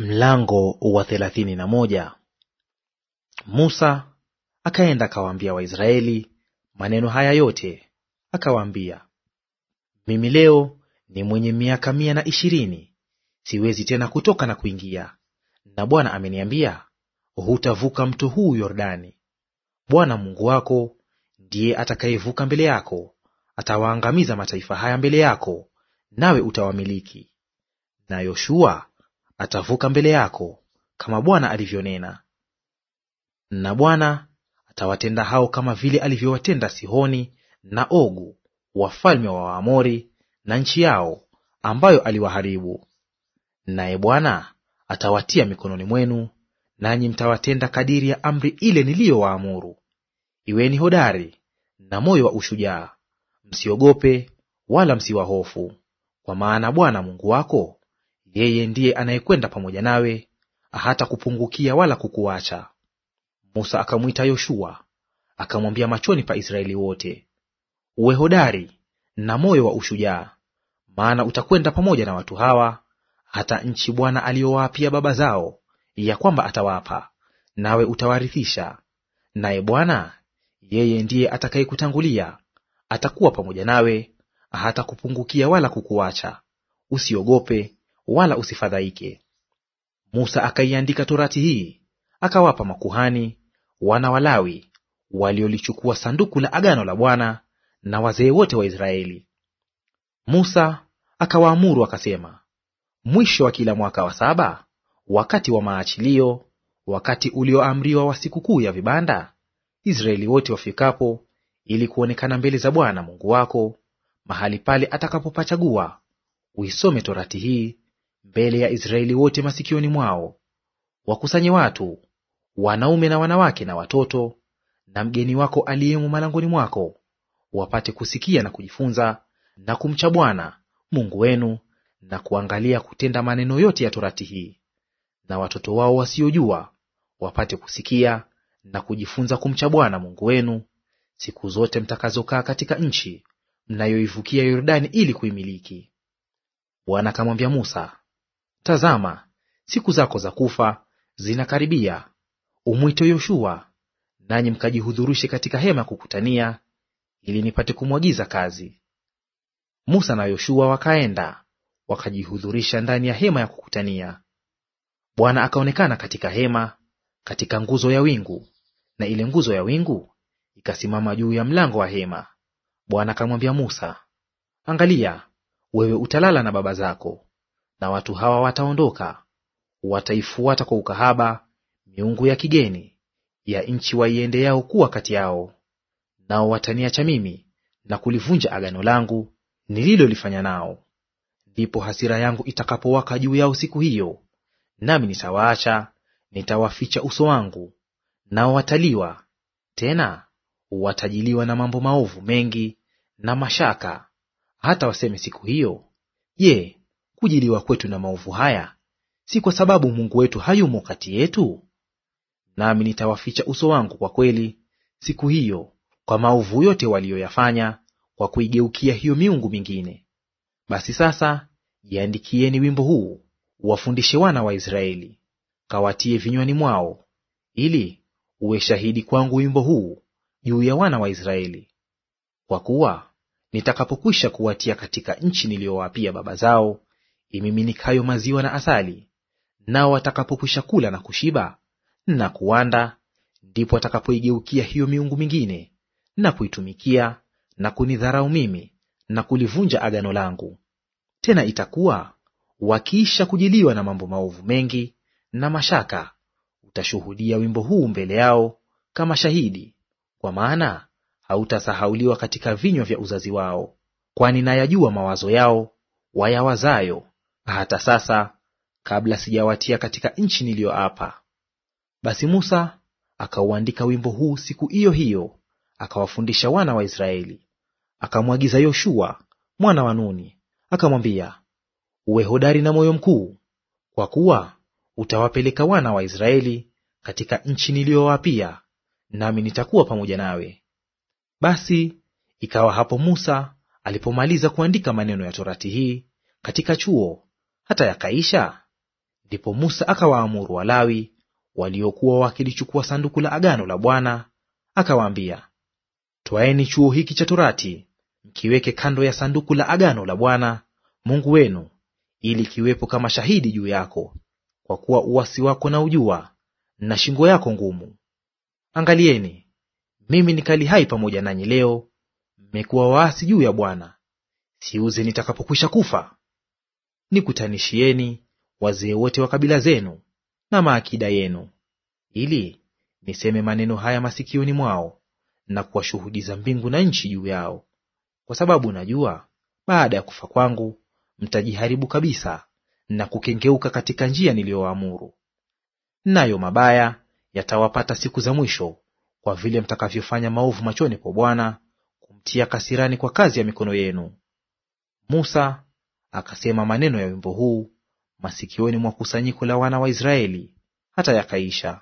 Mlango wa thelathini na moja. Musa akaenda akawaambia Waisraeli maneno haya yote, akawaambia, mimi leo ni mwenye miaka mia na ishirini, siwezi tena kutoka na kuingia, na Bwana ameniambia, hutavuka mto huu Yordani. Bwana Mungu wako ndiye atakayevuka mbele yako, atawaangamiza mataifa haya mbele yako, nawe utawamiliki. Na Yoshua atavuka mbele yako kama Bwana alivyonena. Na Bwana atawatenda hao kama vile alivyowatenda Sihoni na Ogu, wafalme wa Waamori na nchi yao ambayo aliwaharibu. Naye Bwana atawatia mikononi mwenu, nanyi mtawatenda kadiri ya amri ile niliyowaamuru. Iweni hodari na moyo wa ushujaa, msiogope wala msiwahofu, kwa maana Bwana Mungu wako yeye ndiye anayekwenda pamoja nawe, hata kupungukia wala kukuacha. Musa akamwita Yoshua akamwambia machoni pa Israeli wote, uwe hodari na moyo wa ushujaa, maana utakwenda pamoja na watu hawa hata nchi Bwana aliyowaapia baba zao ya kwamba atawapa, nawe utawarithisha. Naye Bwana yeye ndiye atakayekutangulia atakuwa pamoja nawe, hata kupungukia wala kukuacha. Usiogope wala usifadhaike. Musa akaiandika torati hii, akawapa makuhani wana walawi waliolichukua sanduku la agano la Bwana na wazee wote wa Israeli. Musa akawaamuru akasema, mwisho wa kila mwaka wa saba, wakati wa maachilio, wakati ulioamriwa wa sikukuu ya vibanda, Israeli wote wafikapo ili kuonekana mbele za Bwana Mungu wako mahali pale atakapopachagua, uisome torati hii mbele ya Israeli wote masikioni mwao, wakusanye watu, wanaume na wanawake na watoto, na mgeni wako aliyemo malangoni mwako, wapate kusikia na kujifunza na kumcha Bwana Mungu wenu, na kuangalia kutenda maneno yote ya torati hii, na watoto wao wasiojua wapate kusikia na kujifunza kumcha Bwana Mungu wenu siku zote mtakazokaa katika nchi mnayoivukia Yordani ili kuimiliki. Bwana akamwambia Musa, Tazama, siku zako za kufa zinakaribia; umwite Yoshua, nanyi mkajihudhurishe katika hema ya kukutania, ili nipate kumwagiza kazi. Musa na Yoshua wakaenda wakajihudhurisha ndani ya hema ya kukutania. Bwana akaonekana katika hema, katika nguzo ya wingu, na ile nguzo ya wingu ikasimama juu ya mlango wa hema. Bwana akamwambia Musa, angalia, wewe utalala na baba zako, na watu hawa wataondoka, wataifuata kwa ukahaba miungu ya kigeni ya nchi waiendeao kuwa kati yao, nao wataniacha mimi na kulivunja agano langu nililolifanya nao. Ndipo hasira yangu itakapowaka juu yao siku hiyo, nami nitawaacha, nitawaficha uso wangu, nao wataliwa tena, watajiliwa na mambo maovu mengi na mashaka, hata waseme siku hiyo, Je, kujiliwa kwetu na maovu haya si kwa sababu Mungu wetu hayumo kati yetu? Nami nitawaficha uso wangu kwa kweli siku hiyo, kwa maovu yote waliyoyafanya kwa kuigeukia hiyo miungu mingine. Basi sasa jiandikieni wimbo huu, uwafundishe wana wa Israeli, kawatie vinywani mwao, ili uwe shahidi kwangu wimbo huu juu ya wana wa Israeli. Kwa kuwa nitakapokwisha kuwatia katika nchi niliyowaapia baba zao imiminikayo maziwa na asali. Nao watakapokwisha kula na kushiba na kuwanda, ndipo watakapoigeukia hiyo miungu mingine na kuitumikia na kunidharau mimi na kulivunja agano langu. Tena itakuwa wakiisha kujiliwa na mambo maovu mengi na mashaka, utashuhudia wimbo huu mbele yao kama shahidi, kwa maana hautasahauliwa katika vinywa vya uzazi wao. Kwani nayajua mawazo yao wayawazayo, hata sasa, kabla sijawatia katika nchi niliyoapa. Basi Musa akauandika wimbo huu siku hiyo hiyo, akawafundisha wana wa Israeli. Akamwagiza Yoshua mwana wa Nuni, akamwambia, uwe hodari na moyo mkuu, kwa kuwa utawapeleka wana wa Israeli katika nchi niliyowapia, nami nitakuwa pamoja nawe. Basi ikawa hapo Musa alipomaliza kuandika maneno ya torati hii katika chuo hata yakaisha, ndipo Musa akawaamuru Walawi waliokuwa wakilichukua sanduku la agano la Bwana, akawaambia, twaeni chuo hiki cha Torati mkiweke kando ya sanduku la agano la Bwana Mungu wenu, ili kiwepo kama shahidi juu yako, kwa kuwa uasi wako na ujua na shingo yako ngumu. Angalieni, mimi nikali hai pamoja nanyi leo, mmekuwa waasi juu ya Bwana. Siuze nitakapokwisha kufa nikutanishieni wazee wote wa kabila zenu na maakida yenu, ili niseme maneno haya masikioni mwao na kuwashuhudiza mbingu na nchi juu yao, kwa sababu najua baada ya kufa kwangu mtajiharibu kabisa na kukengeuka katika njia niliyowaamuru. Nayo mabaya yatawapata siku za mwisho, kwa vile mtakavyofanya maovu machoni kwa Bwana, kumtia kasirani kwa kazi ya mikono yenu. Musa akasema maneno ya wimbo huu masikioni mwa kusanyiko la wana wa Israeli hata yakaisha.